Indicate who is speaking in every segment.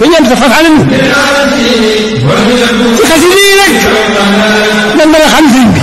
Speaker 1: وينت فافعل في خزيني لك
Speaker 2: لما خمسين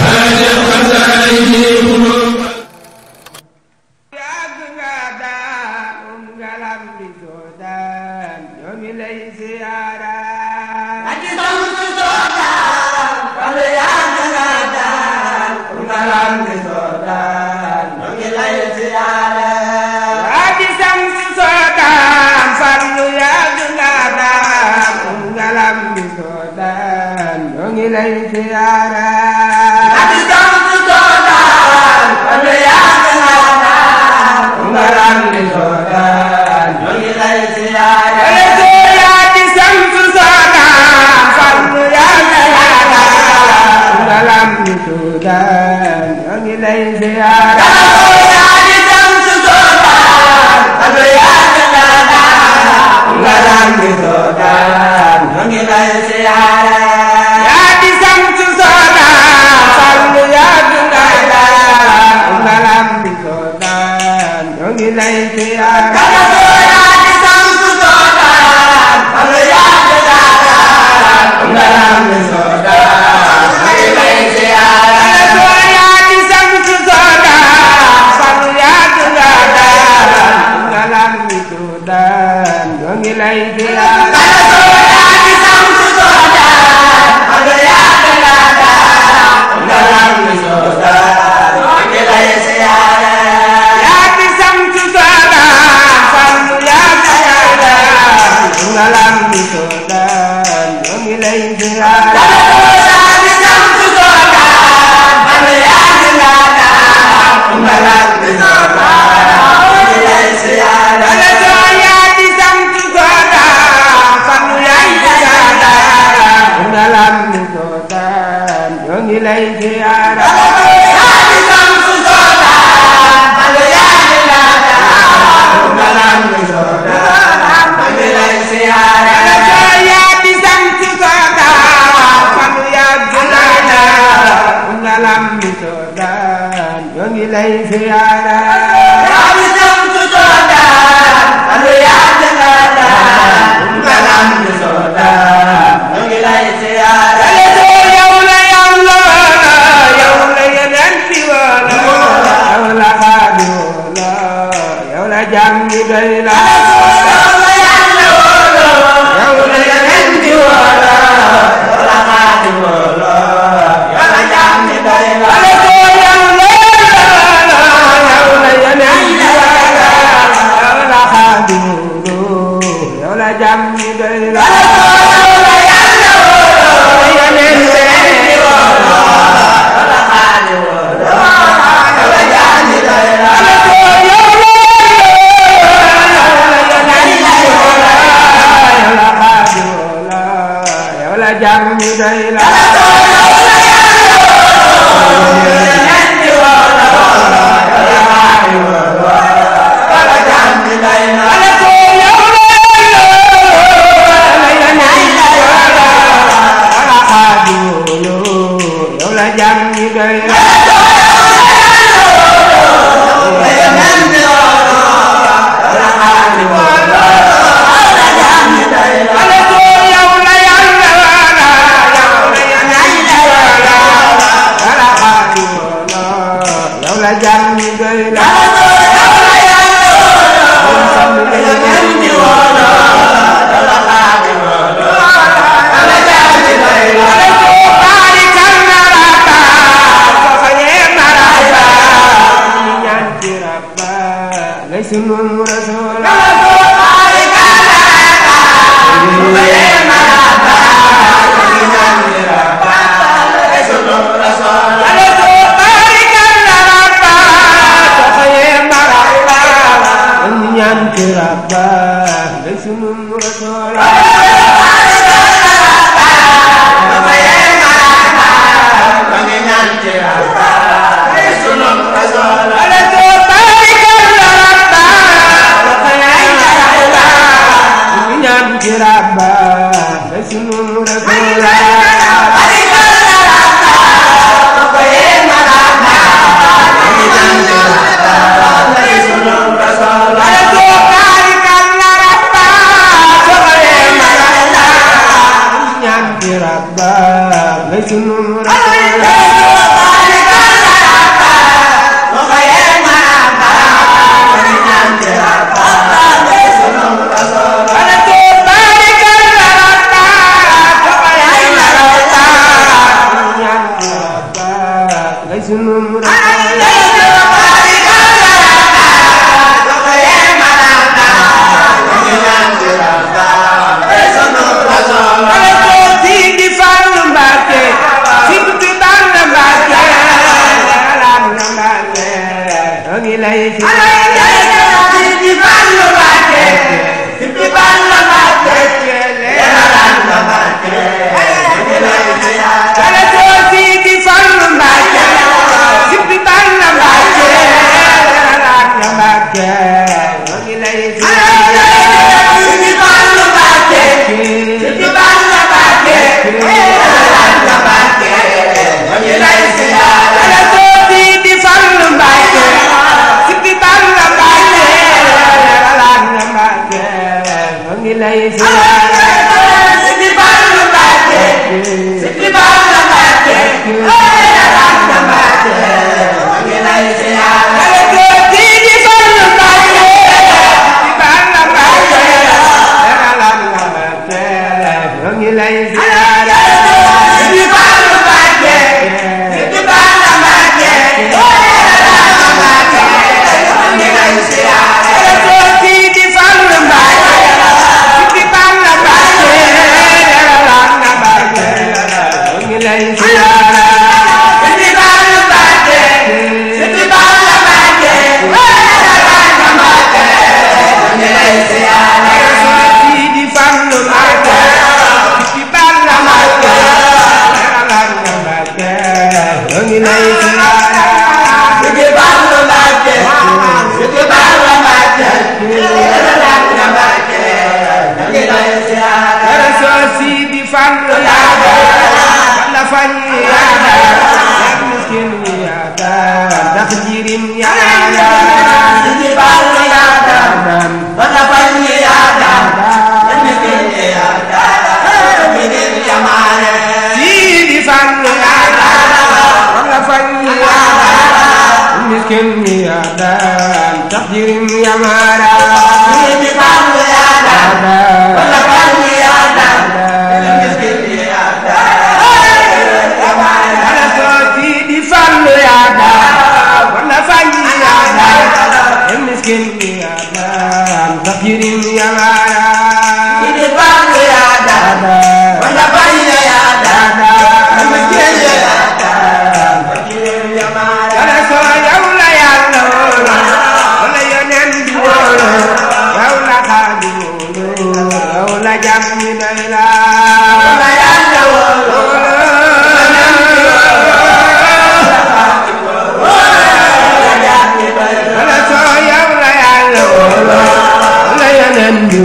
Speaker 1: la lay ah! fan la fan يا دار تقدير يا مرا يا دان فقير يا دان ودبر يا دان ودبر يا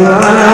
Speaker 1: la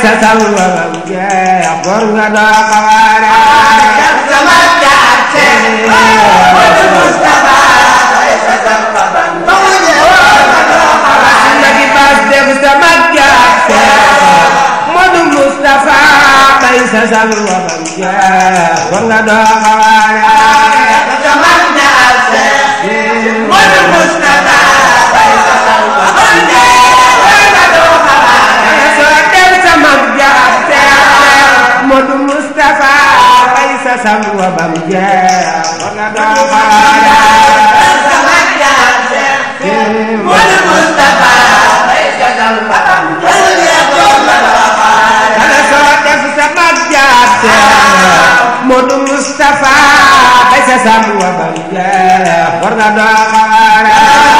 Speaker 1: sa salwal gee góor nga doo ko waare Mustafa bay sa salwal gee góor nga doo ko waare sang wa bam jeex war nga doon xaaral Mustafa ay sagal batam dana soo def sa mag jaase Modu Mustafa ay sa sang wa bam jeex war nga doon xaaral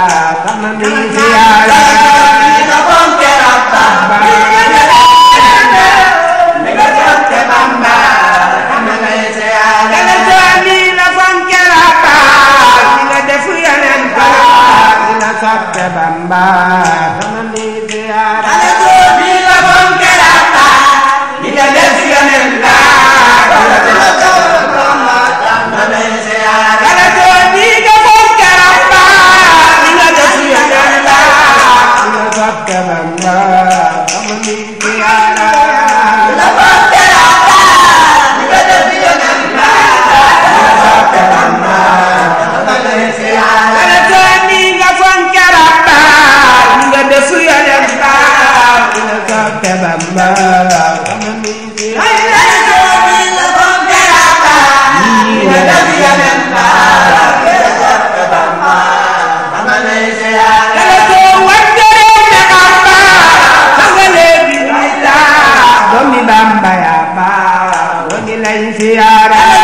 Speaker 1: siyaara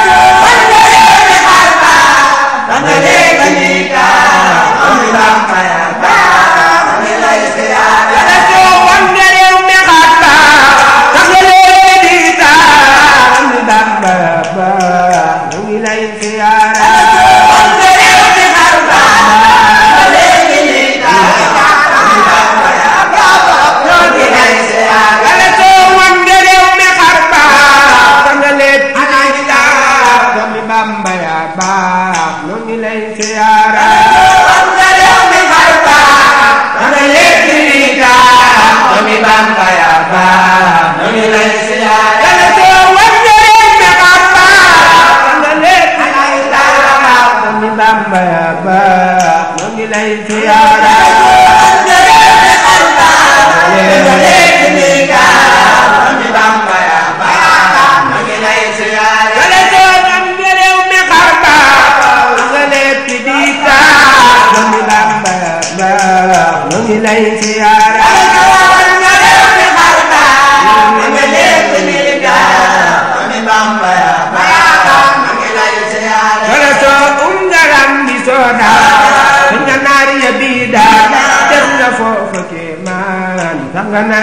Speaker 1: Lam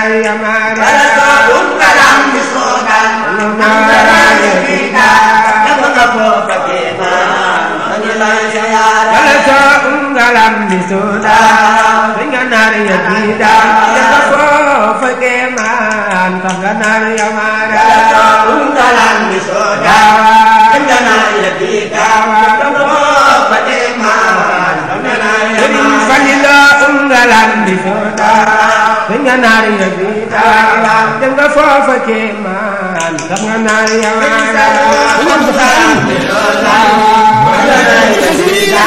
Speaker 1: di soda da nga naar ya biitaala dem nga foofa kéemaan tax nga naar ya waala nga buxaan bi loola wala naar ya siida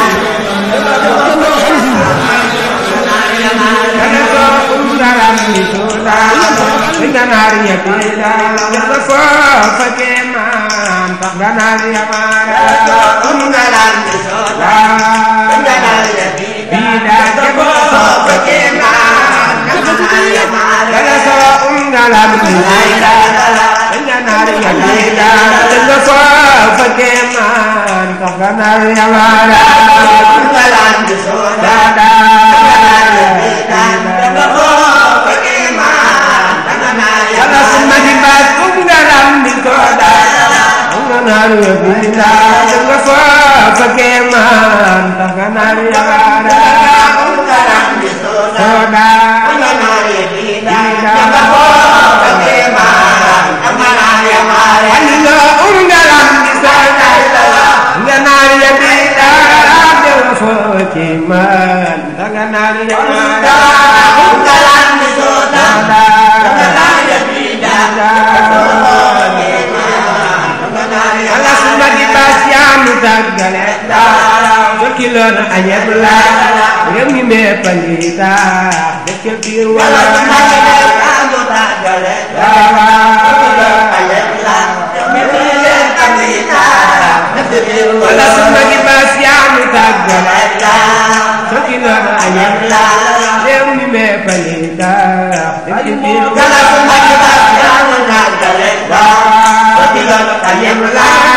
Speaker 1: kana ko umdaram ni tuula da nga naar ya biitaala dem nga foofa kéemaan tax nga naar ya waala umdaram ni tuula da nga naar ya biitaala dem nga foofa kéemaan daa daa tàggale sokki loon añet la réew mi mee pangiita dëkk biir wala tàggale tàggale añet la réew mi mee pangiita dëkk biir wala sama gi baas yaa mi tàggale sokki loon añet la réew mi mee pangiita dëkk biir wala sama gi baas yaa mi tàggale sokki loon añet la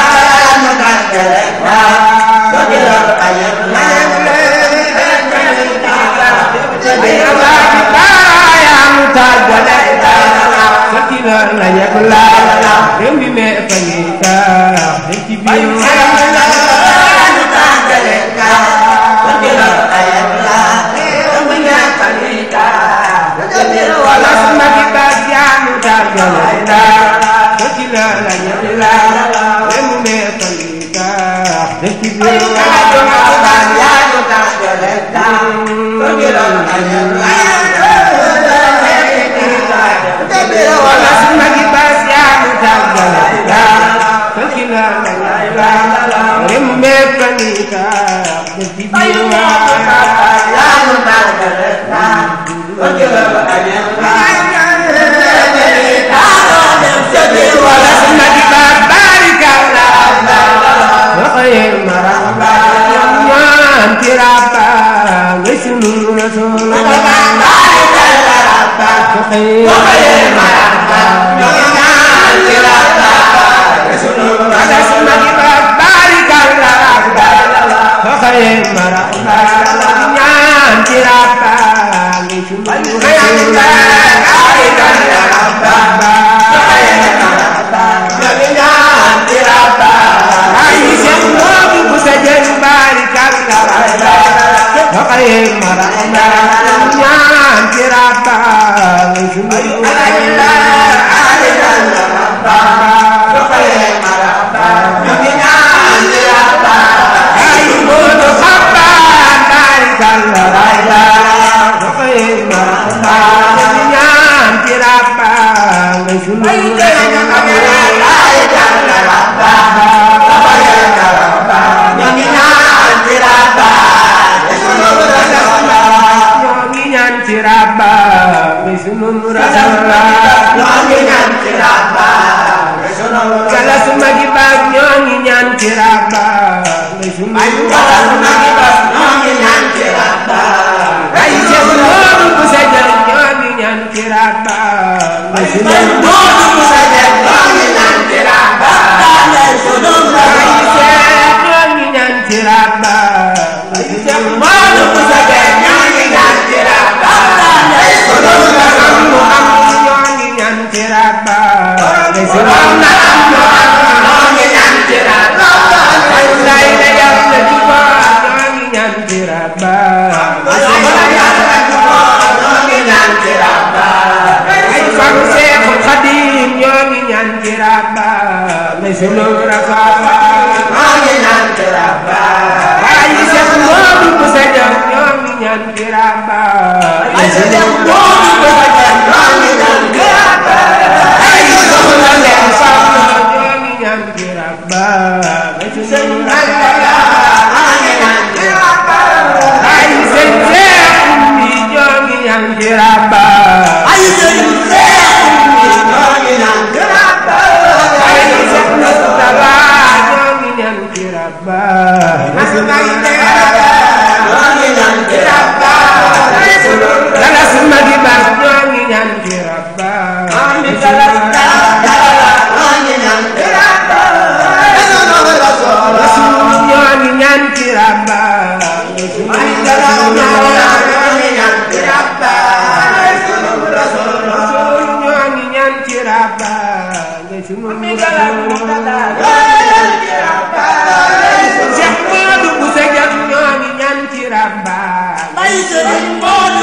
Speaker 1: عليك Hey. mara mara kiraba ay sëriñ Seex doomina kiraba ay sëriñ Mustafa doomina kiraba nasmay doomina kiraba dalas magi bas doomina kiraba ami dalas doomina kiraba rasul doomina kiraba ay dalas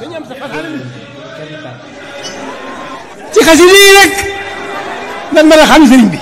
Speaker 1: dañu am sax alal ci xasida yi rek lan mën a xam sëriñ bi